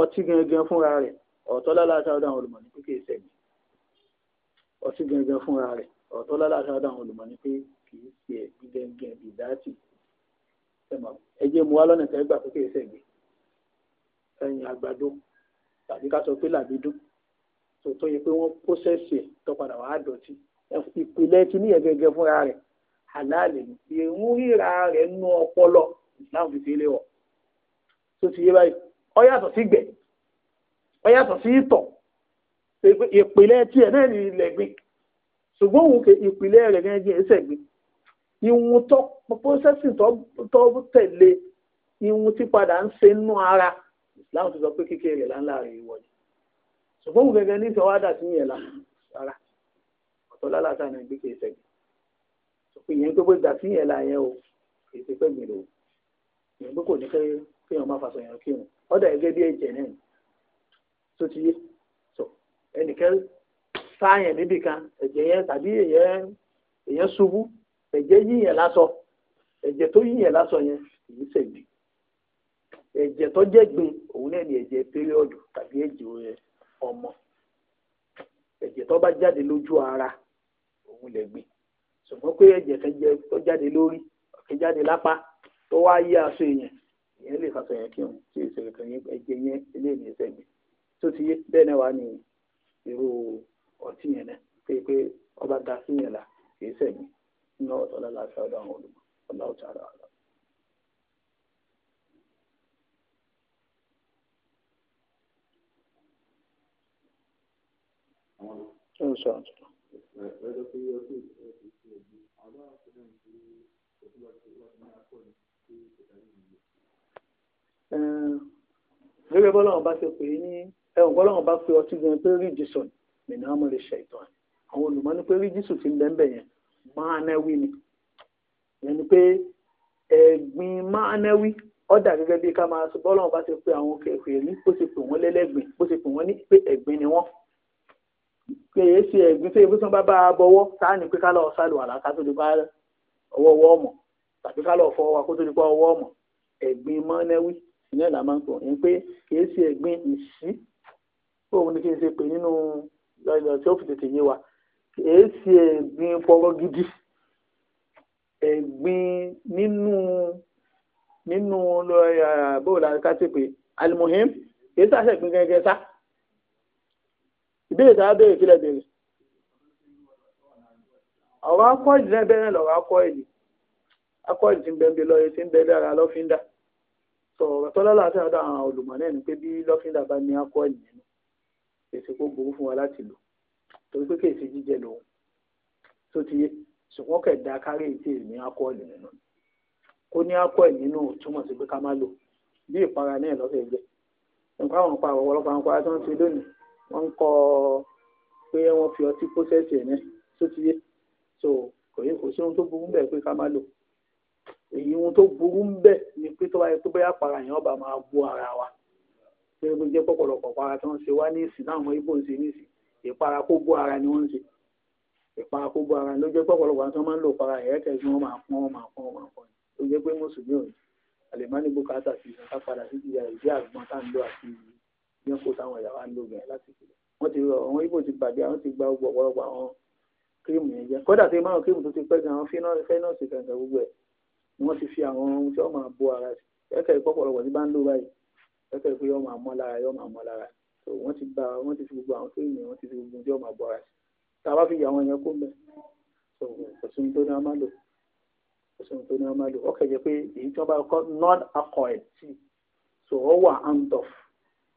Speaker 1: ọtí gangan fúnra rẹ̀ ọ̀tọ́ lálàáṣá ọ̀dọ̀ àwọn olùmọ̀ ní pé kì í sẹ̀mí ọtí gẹ́gẹ́ fúnra rẹ̀ ọ̀tọ́ lálàáṣá ọ̀dọ̀ àwọn olùmọ̀ ní pé kì í ṣe ẹ̀gbí gẹ́gẹ́ bí dáàtì ẹjẹ́ mu wá lọ́nà tẹ́ gbà pé kì í sẹ̀gbẹ́ ẹ̀yìn àgbàdo tàbí ká sọ pé làbídú tó tó yẹ pé wọ́n pósẹ́sì ẹ̀ tó padà wàá dọ̀tí ìpìlẹ̀ kí ní ẹ̀gẹ́gẹ́ fúnra rẹ̀ àlàálẹ̀ ni ìrúnríra rẹ̀ nú ọpọlọ ìsìláàmù fi fi lé wọ̀ tó ti yé báyìí ọ yàtọ̀ wọ́n yàtọ̀ sí ìtọ̀ ìpìlẹ̀ tiẹ̀ náà ní ilẹ̀ gbin ṣùgbọ́n òun kè ìpìlẹ̀ rẹ̀ gẹ́gẹ́ ẹsẹ̀ gbin ìwọ̀n tó processing tó tẹ̀lé ìwọ̀n tí padà ń ṣe nú ara Islam ti sọ pé kíkẹ́ rẹ̀ láńlá rẹ̀ ìwọ̀ ni ṣùgbọ́n òun gẹ́gẹ́ ní ìṣọwọ́ àdà sí yẹn lára ọ̀tọ̀ lálàtà náà gbé kè ẹsẹ̀ gbin ṣùgbọ́n ìyẹn pé gbà sí yẹn o kì í ṣe pẹ́ gbìn lò ìyẹn pé kò ní kẹ́ kéèyàn má fasọ̀ yẹn kírun ọ̀dà ẹ̀gẹ́ bí ẹ̀jẹ̀ náà tó ti yé so ẹnìkan sáàyàn níbì kan ẹ̀jẹ̀ yẹn tàbí èèyàn èèyàn ṣubú ẹ̀jẹ̀ yíyàn lásọ ẹ̀jẹ̀ tó yíyàn lásọ yẹn kìí ṣègbè ẹ̀jẹ̀ tó jẹ́ gbin òun náà ni ẹ̀jẹ̀ píríọ̀dù tàbí ẹ̀jẹ̀ ọmọ ẹ̀jẹ̀ tó bá jáde lójú ara òun lè gbin ṣùgbọ́n pé ẹ̀jẹ̀ kan jẹ tó jáde lórí ọ̀kẹ́ jáde lápá tó wá yí aṣọ èèyàn ìyẹn lè fàṣọ yẹn kí òun tí ìṣẹ̀lẹ̀ kan yẹn ẹ̀jẹ̀ yẹn eléyìí ẹ̀sẹ̀ gbin. tó ti yé bẹ́ẹ̀ náà wà ní irú ọtí yẹn náà pé pé ọba da sí yẹn la kì í sẹ̀mí ọ̀tọ̀ lálàáfíà ọ̀dọ̀ àwọn olùmọ̀ ọba ṣe pè é ẹ ò gbọ́dọ̀ bá pe ọtí gan pé rídìsọ̀n mìíràn mo lè ṣe ìtàn àwọn olùmọ̀ ní pé rídìsù ti ń bẹ́ńbẹ̀ yẹn mánáwí ni yẹn ni pé ẹ̀gbin mánáwí ọ̀dà gẹ́gẹ́ bí ká máa sọ bọ́lọ́run bá ti pe àwọn kèfèrí bó ti pè wọ́n lẹ́lẹ́gbìn bó ti pè wọ́n ní pé ẹ̀gbin ni wọ́n pé èyí ṣe ẹ̀gbin tó yẹ bó tí wọ́n bá bá a bọ́wọ́ táà ní pé ká lọ́ọ́ sálù àlá ká tó di bá ọwọ́ ọwọ́ ọmọ tàbí ká lọ́ọ́ fọwọ́ wa kó tó di bá ọwọ́ ọmọ ẹ̀gbin mánáwí ìyẹn là máa ń pọ̀ yẹn pé èyí ṣe ẹ̀gbin ìṣí òun ni kí n ṣe pè nínú ìlànà eh, tí ó fi tètè yé wa èé ṣe ẹ̀gbin fọwọ́ gidi ẹ̀gbin nínú nínú eh, bóòlù àkàtìpé alimohim èyí tá a ṣe gbin gẹ́gẹ́ sá ìbéèrè tá a béèrè kílẹ̀ béèrè ọ̀rọ̀ akọ́ ìdí náà bẹ́ẹ̀ lọ́rọ̀ akọ́ ìdí akọ́ ìdí tí ń bẹ́ẹ̀ bí lọ́yẹ tí ń bẹ́ẹ̀ lára lọ́fíńdà sọ̀rọ̀ tọ́lá láti ọ̀dọ̀ àwọn olùmọ̀ náà ni pé bí lọ́fíńdà bá ní akọ́ ìdí èsì kó burú fún wa láti lò torí pé kèsì jíjẹ lòun tó ti ṣùgbọ́n kẹ̀dá kárí ètí ní akọ́ọ̀lì nínú kó ní akọ́ọ̀lì nínú túmọ̀ sí pé ká má lò bí ìpara náà lọ́fẹ̀ẹ́ gbẹ nǹkan àwọn ìpara ọ̀pọ̀lọpọ̀ àwọn ìpara tí wọ́n fi lónìí wọ́n ń kọ́ pé wọ́n fi ọtí pósẹ́sì ẹ̀ tó ti yé so kò yẹ kò sí ohun tó burú ń bẹ̀ pé ká má lò èyí ohun tó burú ń bẹ̀ ni pé tó bá yẹ pé bóyá para yẹn ọba máa bó ara wa tí wọ́n jẹ́ pọ̀pọ̀lọpọ̀ para tí wọ́n ṣe wá ní ìsìn láwọn ibo ń ṣe ní ìsìn ìpara kó bó ara ni wọ́n ń ṣe ìpara kó bó ara ló jẹ́ pọ̀pọ̀lọpọ̀ àti wọ́n máa ń lò para ẹ̀ẹ́kẹ́ tí wọ́n máa pọ́n wọ́n máa pọ́n wọ́n máa pọ́n ló jẹ́ pé mùsùlùmí ò ní àlèmánì bùkátà sí ìsìn ká padà sí ti ìdí àgbọn tá à ń lò àti yẹ́kó táwọn ìyàwó ń lò bẹ̀rẹ̀ láti fi wọ́n ti àwọn ibo ti gbàgbé àwọn ti gba ọ̀pọ̀lọpọ̀ àwọn kírímù yẹn jẹ kódà tí márùn kírímù tó ti pẹ́ gan àwọn fẹ́nọ́ọ̀sì kankan gbogbo ẹ̀ ni wọ́n ti fi àwọn ohun lọ́kẹ́ pé yọ́ọ́ máa mọ́ lára yọ́ọ́ máa mọ́ lára so wọ́n ti gba wọ́n ti fi gbogbo àwọn tó yìnbọn wọ́n ti fi gbogbo tí yọ́ọ́ máa bọ́ ara sí tá a bá fi yà àwọn yẹn kó mẹ́ so kò sí ohun tó ní a máa lò kò tó ní a máa lò ọkẹ́ jẹ́ pé èyí tí wọ́n bá kọ́ non alcohol tea so ọ wà handoff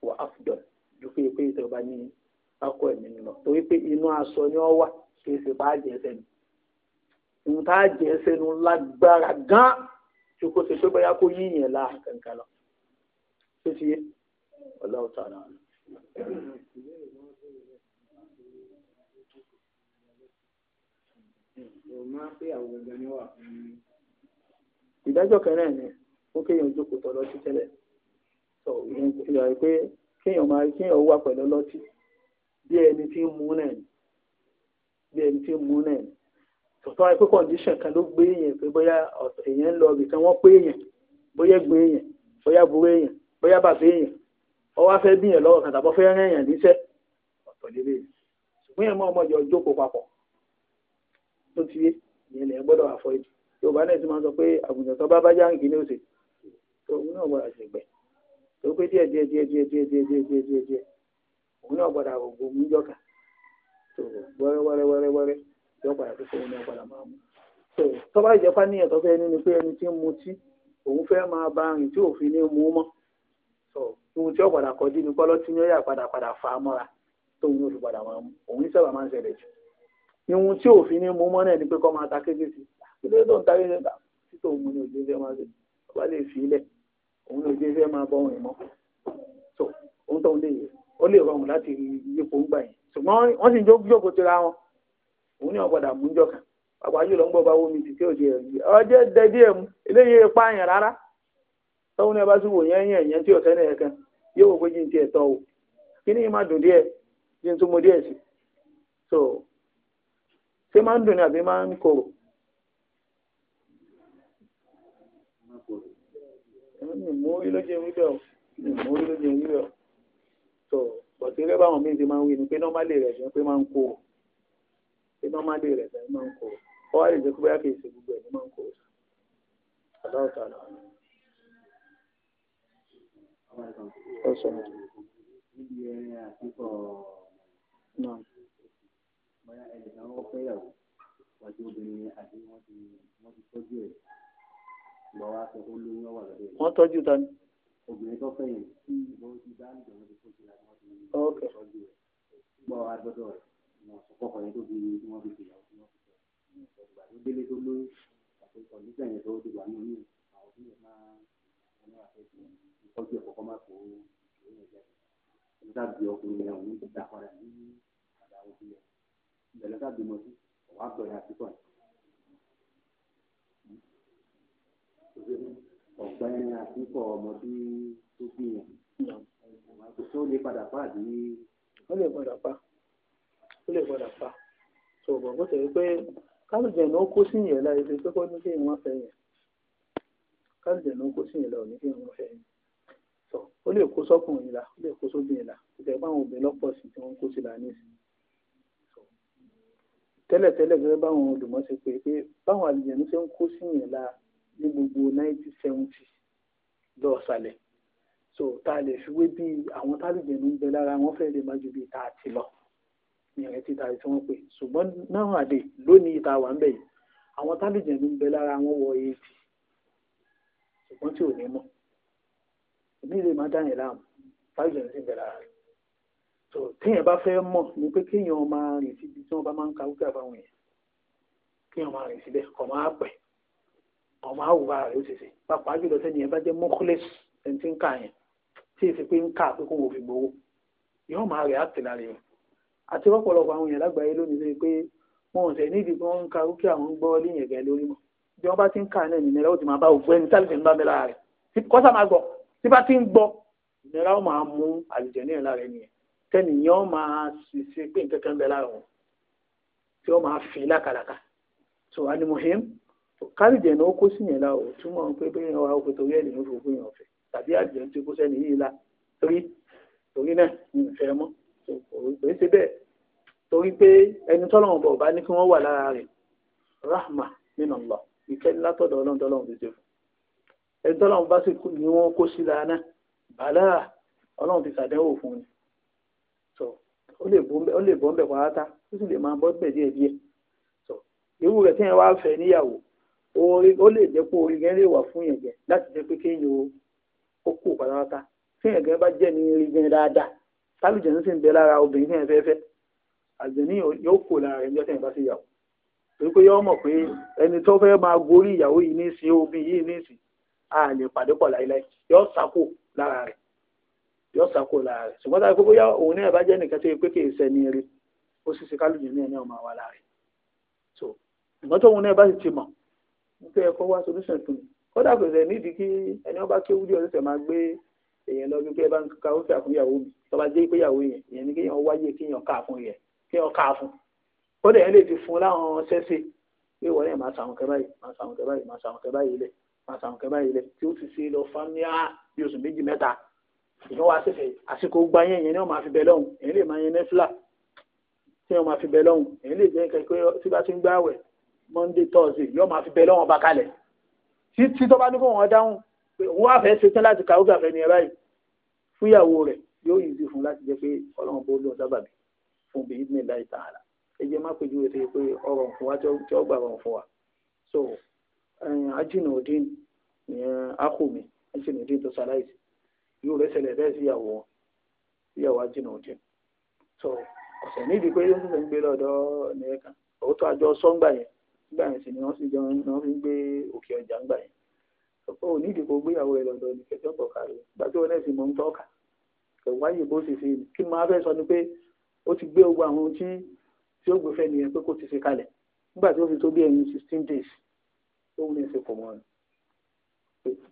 Speaker 1: wà afdol ju pé pé ìtọ́ba ní alcohol nínú lọ torí pé inú aṣọ ni ọ wà kì í ṣe bá jẹ sẹ́nu ohun tá a jẹ sẹ́nu lágbára gan ju kó ṣe pé bóyá kó yíyàn láàkànkàn lọ. tó ti yé ọlọ́wọ́ tààrà ni. ìdájọ́ kẹrẹ́ ni ó kéèyàn jókòó tọ́ lọ́tí tẹ́lẹ̀ sọ ìyá pé kéèyàn máa kéèyàn wà pẹ̀lú ọlọ́tí bí ẹni tí ń mú náà ni bí ẹni tí ń mú náà ni tọ́tọ́ pé kan ló gbé èèyàn pé bóyá èèyàn bóyá bàbá èèyàn ọwọ́ fẹ́ bí yẹn lọ́wọ́ kan tàbọ̀ fẹ́ rẹ́ yẹn níṣẹ́ ọ̀tọ̀ lébè ṣùgbọ́n yẹn mọ́ ọmọdé ọjọ́ kó papọ̀ tó ti yé ìyẹn lẹ́yìn gbọ́dọ̀ àfọ ìdí Yorùbá náà ti máa sọ pé àgùntàn tó bá bá já ń kí ní òsè tó òun náà gbọ́dọ̀ ṣègbẹ́ tó pé díẹ̀ díẹ̀ díẹ̀ díẹ̀ díẹ̀ díẹ̀ díẹ̀ díẹ̀ díẹ̀ díẹ̀ òun náà gbọ́dọ̀ àwògbò mú jọ̀ka tó wẹ́rẹ́ wẹ́rẹ́ wẹ́rẹ́ wẹ́rẹ́ yọ padà tó fóun náà padà máa mú tó tọ́ba ohun tí ó padà kọjú ni kọ́lọ́ tí yóò yà padà padà fà mọ́ra tó ń fi padà máa òun sábà máa ń ṣẹlẹ̀ jù ihun tí òfin ní mú mọ́ náà ni pé kọ́ máa ta kéde sí kí ló tó ń ta kéde ta tí mú máa ṣe ọba lè fi òun máa bọ́ òun mọ́ so òun tó tọ́wọ́n náà bá sì wò yẹn yẹn yẹn tí ọ̀tẹ́ náà yẹ kan yóò wò pé jí n tiẹ̀ tọ́ o kí ni máa dùn díẹ̀ jí n tún mo díẹ̀ sí so ṣé máa ń dùn ní àbí máa ń korò ìmúrí ló jẹ wíbẹ̀ o ìmúrí ló jẹ wíbẹ̀ o so bọ̀tí ilé báwọn míì ti máa ń wí ni pé nọ́málì rẹ̀ jẹ́ pé máa ń korò pé nọ́málì rẹ̀ jẹ́ máa ń korò ọwọ́ àlejò pé bóyá kì í ṣe gbogbo ẹ̀ ní máa ń korò sí. Allahu ọ̀sán. níbi ẹni àtúntò náà bóyá ẹnìkan ó fẹ́yàwó wájú obìnrin àti wọ́n ti wọ́n ti tọ́jú ẹ̀ lọ wá sọ pé olóyún ọ̀wà lọ́dẹ̀. wọ́n tọ́jú ta ni. obìnrin tó fẹ́ yẹn ìbò ti bá ń dùn wọ́n ti tọ́jú ẹ̀ wọ́n ti tọ́jú ẹ̀ gbọ́ agbọ́dọ̀ rẹ̀ wọ́n sọ pé ọkùnrin tó bí wọ́n fi tìyàwó tí wọ́n fi tọ́ ìgbà tó délé tó lóyún àti ìkọ̀lù tọ́jú ọ̀kọ̀ọ̀kan má kó ìṣòro yẹn jẹ́ ẹ̀ka bí ọkùnrin yẹn òun ti dà padà ní àdá ojú yẹn ìbẹ̀lẹ̀ ká bímọ sí ọ̀wá bẹ̀rẹ̀ àtìkọ́ ni ọ̀gbẹ́ni àtìkọ́ ọmọ bí tó bí yẹn tó lè padà pa àbí. ó lè padà pa ó lè padà pa tó bọ̀ bó tẹ̀lé pé kálùjẹ̀ ló kó sí yẹn láì fi pé kó ní kí n wọ́n fẹ́ yẹn kálùjẹ̀ ló kó sí yẹn láì ní kí n wọ́n fẹ́ yẹn tó ó lè kó sọ́kùnrin la ó lè kó sóbìnrin la kò tẹ̀ pé àwọn obìnrin lọ́pọ̀ sí tí wọ́n kó sí la nísìnyí tẹ́lẹ̀tẹ́lẹ̀ gẹ́gẹ́ báwọn olùmọ̀ọ́sẹ̀ pé pé báwọn àlùjẹ̀nu ṣe ń kó sí yẹn la ní gbogbo nineteen seventy lọ́ọ̀sálẹ̀ so tá a lè fi wé bí àwọn tálùjẹ̀nu ń bẹ lára wọn fẹ́ẹ́ lè má ju bí tá a ti lọ ìyẹn ti ta tí wọ́n pè ṣùgbọ́n náà àdè lónìí ìta wà ń bẹ yìí àwọn tálùjẹ̀nu ń bẹ lára wọn wọ eighty ṣùgbọ́n tí ò ní mọ̀ èmi lè má dáyìn láàmú fáìlì ní síbẹ̀ lára rẹ̀ téèyàn bá fẹ́ mọ̀ ni pé kéèyàn máa rìn síbi tí wọ́n bá máa ń ka wíkà báwọn yẹn kéèyàn máa rìn síbẹ̀ kọ̀ máa pẹ̀ ọ̀ máa wù bára rẹ̀ ó ti sè pàápàá jùlọ sẹ́ni yẹn bá jẹ́ mọ́kúlẹ́sì ẹni tí ń kà yẹn tí èsì pé ń kà pé kó wo fi gbowó yóò máa rẹ̀ àti lára rẹ̀ àti ọ̀pọ̀lọpọ̀ àwọn èèyàn lágbàáyé lónìí lórí pé wọn ò sẹ̀ nídìí pé wọ́n ń ka wíkà àwọn gbọ́ léyìn ẹ̀gẹ́ lórí mọ́ bí wọ́n bá ti ń kà náà nìyẹn lọ́wọ́ ti máa bá ògbẹ́ni tálífẹ̀ ń bá mi lára rẹ̀ kọ́sà máa gbọ́ tí bá ti ń gbọ́ ìnira ó máa mú àlùjẹ̀nú yẹn lára ẹnìyẹn tẹ́nìyàn ó máa ṣiṣẹ́ pé nǹkan kan bẹ lára wọn tí ó máa fi lákàlàkà tó wà ní mohim kálíjẹ̀nú ó kó sí yẹn lára ò túmọ̀ pé bí wọ́n wá òkè torí ẹ̀nìyàn fòfin yẹn ọ̀fẹ́ tàbí àlùjẹ̀nú ti kó sẹ́ni yìí la torí torí náà ní ìfẹ́ mọ́ òun ṣe bẹ́ẹ̀ torí pé ẹni tọ́lọ́wọ̀n bọ̀ bá ní kí wọ́n wà lára rẹ̀ rahma nínú lọ ìkẹ́ látọ̀dọ̀ ẹni tó lọ́wọ́ bá sì ni wọ́n kó sí lana bàálà ọlọ́run ti sàdẹ́wò fún ni so ó lè bọ́ ń bẹ̀ pátá ó sì lè máa bọ́ bẹ̀ díẹ̀ díẹ̀ so irú rẹ̀ tí yẹn wá fẹ́ níyàwó ó lè jẹ́ pé orí gẹ́gẹ́ lè wà fún yẹn gẹ́ láti jẹ́ pé kéèyàn ó kú pátápátá tí yẹn gẹ́ bá jẹ́ ní orí gẹ́ dáadáa tálùjẹ́ ń sì ń bẹ lára obìnrin tí yẹn fẹ́ fẹ́ àjẹní yóò kó lára rẹ̀ níjọ́ tí bá sì yàwó torí pé yọ́ mọ̀ pé ẹni tó fẹ́ máa gorí ìyàwó yìí ní ìsìn obì yìí ní ìsìn a lè pàdé pọ̀ láíláí yóò sákò lára rẹ̀ yóò sákò lára rẹ̀ ṣùgbọ́n táwọn gbogbo yá òun náà bá jẹ́ nìkan tó yẹ pé kì sẹ́ni eré ó sì ṣe kálùjù ní ẹni ọmọ wa lára so ìgbọ́n tó òun náà bá sì ti mọ̀ nípa ẹ̀kọ́ wá solution fún mi kódà kò sẹ̀ nídìí kí ẹni ọba kéwú díẹ̀ ọ̀sẹ̀ máa gbé èèyàn lọ wípé bá ń ka ó fẹ́ àfúnyàwó mi tọ́ba jẹ́ ìgbéyàwó yẹn ìyẹn ni kéèyàn wáyé kéèyàn ká fún yẹn kéèyàn ká fún kódà yẹn lè ti fún láwọn ṣẹ́ṣe pé wọ́n yẹn máa sàwọn kẹ́ báyìí máa sàwọn kẹ́ báyìí máa sàwọn kẹ́ báyìí lẹ̀ àtàwọn kẹfà yìí lẹ tí ó ti ṣe lọ fún ní à bí oṣù méjì mẹ́ta ìyẹn wàá ṣẹ̀ṣẹ̀ àsìkò gba yẹn yẹn ni wọ́n máa fi bẹ lọ́hùn èyí lè máa yẹn nẹ́fìlà tí wọ́n máa fi bẹ lọ́hùn èyí lè jẹ́ kẹ́kẹ́ tí bá ti ń gbáwẹ̀ monday thursday yóò máa fi bẹ lọ́hùn ọba kalẹ̀ títí tó bá ní kó wọn dáhùn pé òun wà fẹ́ ṣe tán láti kàwé gàfẹ́ ni ẹ báyìí fúyàwó rẹ̀ yóò yìí fún láti jẹ́ pé ọlọ́run bó lóun sábàbí fún bíi ní ìlà ìtàn àlà ẹ jẹ́ má pèjú ẹ pé ọrọ̀ fún wa tí ó gbà rọ̀ fún wa so Eh, ajínòdín eh, akómi ajínòdín tó ṣaláìsí yóò rẹ ṣẹlẹ̀ bẹ́ẹ̀ síyàwó wọn síyàwó ajínòdín so ọ̀sẹ̀ níbi pé yóò ṣẹ̀ṣẹ̀ ń gbé lọ́dọ̀ nìyẹn kan òótọ́ àjọ sọ́ngbà yẹn nígbà yẹn sì ni wọ́n sì jọ wọ́n fi ń gbé òkè ọjà ńgbà yẹn gbéyàwó ẹ ní gbàtí wọn ń bó ṣe kí máa sọ ni pé ó ti gbé ogun àwọn tí tí ó gbé nìyẹn pé kò ti days ó ní ṣe pọ̀ mọ́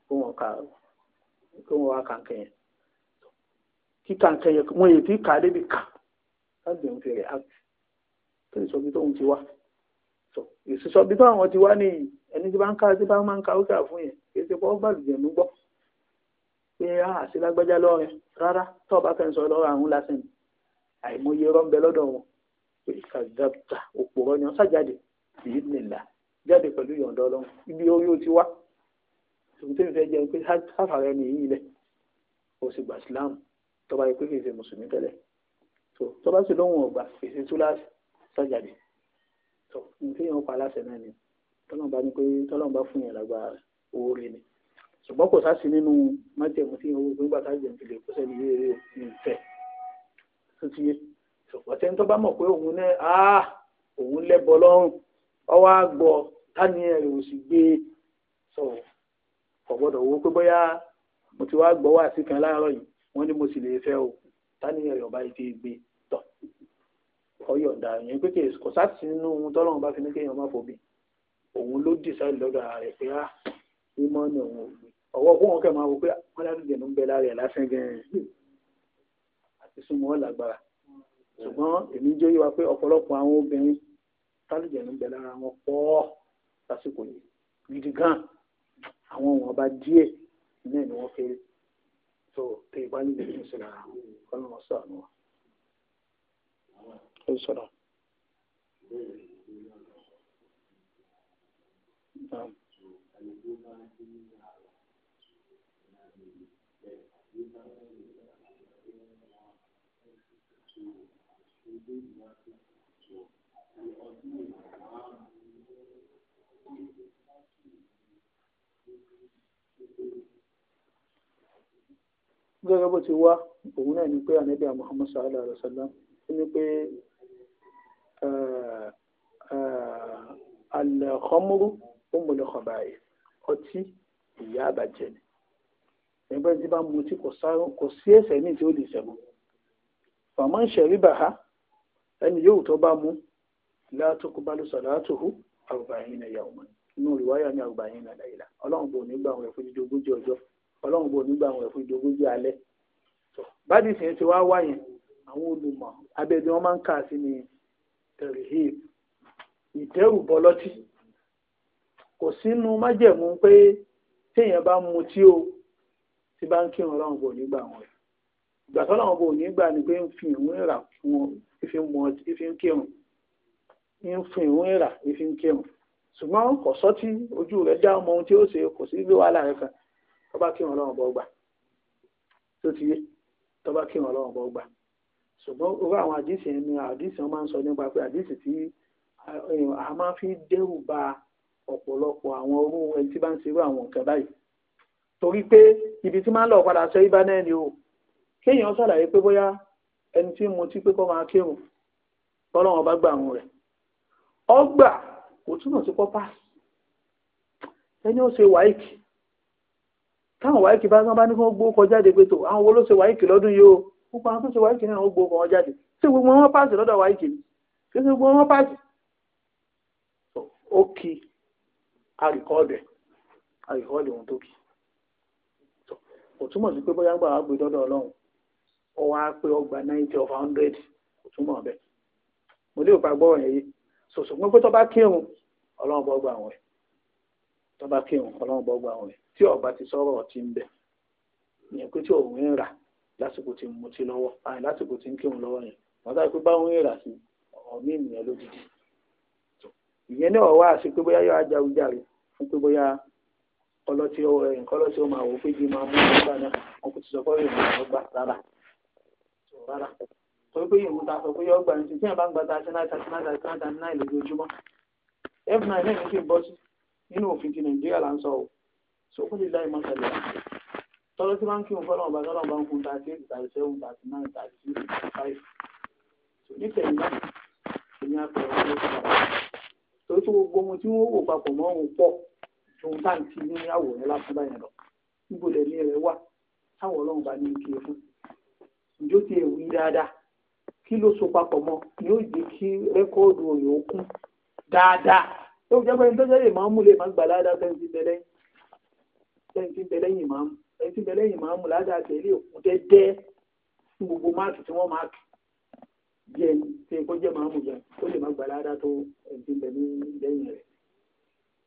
Speaker 1: kó wọn kà kó wọn wá kàǹkẹ́ yẹn kí kàǹkẹ́ yẹn wọ́n yìí ti kà á débi kà láti lè fi rẹ̀ act tó lè sọ bí tóun ti wá sọ ìsísọ bí tóun ti wá nìyí ẹni tí bá ń ká tí bá máa ń ka ó kà fún yẹn kí ṣe pọ́ gbàlùjẹ̀ ló gbọ́ pé a ah, àti lágbájá lọ́rẹ̀ rárá tó o bá fẹ́ sọ lọ́rọ̀ àwọn lásán àìmọye rọ́ńbẹ lọ́dọ̀ wọn pé kàdàbà òpòrọ́ ni wọ́n ṣàjáde bìí nìlá jáde pẹ̀lú ìyọ̀ǹda ọlọ́run ibi orí ó ti wá tòun tẹ́mi fẹ́ jẹ́ pé sáfàrà ẹni yìí lẹ̀ ó sì gbà síláàmù tọ́ba yẹ pé kì í ṣe mùsùlùmí tẹ́lẹ̀ tó tọ́ba sì lóhùn ọ̀gbà fèsì túláàsì sájàde tó nǹkan yẹn ń pa aláṣẹ náà ni tọ́lọ́mùbá ni pé tọ́lọ́mùbá fún yẹn lágbára owó rẹ ni ṣùgbọ́n kò sá sí nínú májèmú tí owó gbígbà sájẹ̀ ń tilẹ̀ kó sẹ́ni ilé rẹ̀ ní ìfẹ́ tó ti yé ṣùgbọ́n tẹ́ni tó bá mọ̀ pé òun náà òun lẹ́bọ lọ́rùn ọwọ́ àgbọ̀ tani ẹ̀rù sì gbé sọ ọ̀gbọ́dọ̀ wo pé bóyá mo ti wá gbọ́ wá sí kan láàárọ̀ yìí wọ́n ní mo sì lè fẹ́ o tani ẹ̀rù ọba yìí ti gbé tọ̀ ọyọ̀ǹda yẹn pé kò sáàsì nínú ohun tọ́lọ́run bá fi ní kéèyàn má fòbí òun ló dì sáà lọ́dọ̀ rẹ̀ pé á ah, mímọ́ ni òun ò gbé ọwọ́ kó wọn kẹ́ máa wọ pé wọ́n dá dùn ń bẹ lára ẹ̀ lásán gan àti súnmọ́ lágbára ṣùgbọ́n èmi jẹ́ yíwa pé ọ̀pọ̀lọpọ̀ àwọn obìnrin tálùjẹ̀nu bẹ̀ lára wọn pọ̀ lásìkò yìí gidi gan àwọn wọn bá díẹ̀ náà ni wọ́n fẹ́ tó tẹ ìbálòpọ̀ ní ìṣẹ̀lẹ̀ ara wọn kọ́ ló wọ́n sọ̀rọ̀ wọn. sọ̀rọ̀. Thank you. gẹ́gẹ́ bó ti wá òun náà ni pé ànábì Muhammad sallallahu alaihi wa sallam ó ní pé eh, eh, al-khamru ummul khaba'ith ọtí ìyá àbàjẹ́ ni ẹgbẹ́ tí bá mu tí kò sí ẹ̀ṣẹ̀ ní tí ó lè ṣẹ̀mọ́ faman sharibaha ẹni yóò tó bá mu látọkùbálù sàlátùhù àrùbáyìn yàwùmọ́ inú rìwáyà ní àrùbáyìn làlàyìlà ọlọ́run bò nígbà àwọn ẹ̀fún ìdí ogójì ọjọ́ ọlọ́run bò nígbà àwọn ẹ̀fún ìdí ogójì alẹ́ bádìí sì ti wá wá yẹn àwọn olùmọ̀ abẹ́bí wọn máa ń kà sí ni tẹ̀rìhìb ìdẹ́rùbọlọ́tì kò sínú májẹ̀mú pé téèyàn bá mu tí o ti bá ń kírun ọlọ́run bò nígbà wọn ìgbà tọ́lọ́run bò nígbà ni pé ń fi ìwé rà fún ọ ìfi ń fún ìwé ìrà ìfi ń kírun ṣùgbọ́n kò sọ tí ojú rẹ̀ já ọmọ ohun tí ó ṣe kò sí gbé wàhálà rẹ̀ kan tọ́ba kírun ọlọ́run bọ́ gbà tó ti yé tọ́ba kírun ọlọ́run bọ́ gbà ṣùgbọ́n orú àwọn àdìsí yẹn ni àdìsí wọn máa ń sọ nípa pé àdìsí tí a máa fi dẹ́rù ba ọ̀pọ̀lọpọ̀ àwọn orú ẹni tí bá ń ṣerú àwọn nǹkan báyìí torí pé ibi tí máa ń lọ padà sọ ibà náà ni o kéèyàn ṣàlàyé pé bóyá ẹni tí mo ti pé kọ́ máa kírun bọ́lọ́wọ́n bá gbà àwọn rẹ̀ ọgbà kò túmọ̀ sí pọ́pá ẹni ó ṣe wáìkì táwọn wáìkì bá sán bá ní kí wọ́n gbowó kọjá de pé tó àwọn wo ló ṣe wáìkì lọ́dún yìí o gbogbo àwọn tó ṣe wáìkì náà wọ́n gbowó kọ́ wọn jáde ṣé gbogbo wọn pàṣẹ lọ́dọ̀ wáìkì ni ṣé gbogbo wọn pàṣẹ ó kí àríkọ́ọ̀dẹ̀ àríkọ́ọ̀dẹ̀ ohun tó kí kò túmọ̀ sí pé bóyá gbà wá gbé dọ́dọ̀ ọlọ́run ó wá pé ọgbà ninety of hundred kò túmọ̀ bẹ́ẹ̀ mo lè pa gbọ́ ọ̀yẹ́ yìí sòsò gbogbo tó bá kírun ọlọ́run bọ́ gbà wọ́n ẹ̀ tó bá kírun ọlọ́run bọ́ gbà wọ́n ẹ̀ tí ọba ti sọ̀rọ̀ ọtí ń bẹ̀ ìyẹn pé tí òun ń rà lásìkò tí ń mutí lọ́wọ́ àyìn lásìkò tí ń kírun lọ́wọ́ yẹn wọ́n sáré pé báwọn ń rà sí ọ̀mí ìnìyàn lójijì ìyẹn náà wá sí pé bóyá yóò ajáwéjáre fún pé bóyá ọlọ́tí ọwọ́ ẹ̀ nǹkan ọlọ́tí ó máa wò máa mú ọgbà náà wọn kò ti sọ fọ́ọ̀rọ̀ ìgbà rárá rárá torí pé ìwò ta sọ pé yọ gbà nítorí tí wọn bá ń gba thirty nine thirty nine thirty nine thirty nine lójoojúmọ́ f nine náà ní sì bọ́ sí nínú òfin ti nàìjíríà là ń sọ o so kó lè láì má ṣẹlẹ̀ tọ́lọ́ tí wọ́n ń kírun fọlọ́run bá tọ́lọ́ bá ń kun thirty eight thirty seven thirty nine thirty six thirty five so níkẹyìn náà èmi àpẹẹrẹ ọ̀hún ló ti bàbá torí tí gbogbo ohun tí wọ́n wò papọ̀ mọ́ òun pọ̀ ohun tá à ń ti ní àwòrán lásán báyẹn bá kí ló so papọ̀ mọ́ yóò jẹ́ kí rẹ́kọ́ọ̀dù òyìn òkun dáadáa tó jẹ́ pé nítorí ẹ̀yìn máa ń mú lè máa gbà ládàá sẹ́yìn tí bẹ lẹ́yìn máa ń mú sẹ́yìn tí bẹ lẹ́yìn máa ń mú ládàá tẹ̀lé òkun dẹ́dẹ́ fún gbogbo máàkì tí wọ́n máa kì bí ẹni tí kò jẹ́ máa ń mú jẹ ó lè máa gbà ládàá tó ẹ̀yìn tí lẹ́yìn rẹ̀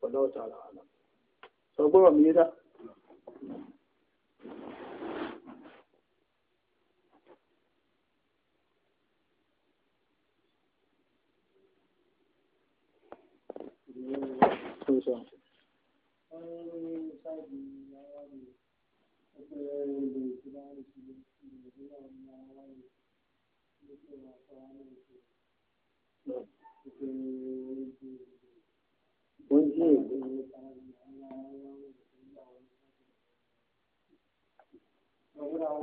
Speaker 1: ọ̀dọ́ ọ̀tọ̀ àlọ́ àlọ́ sọgbọ́n mi yé two songs. Bom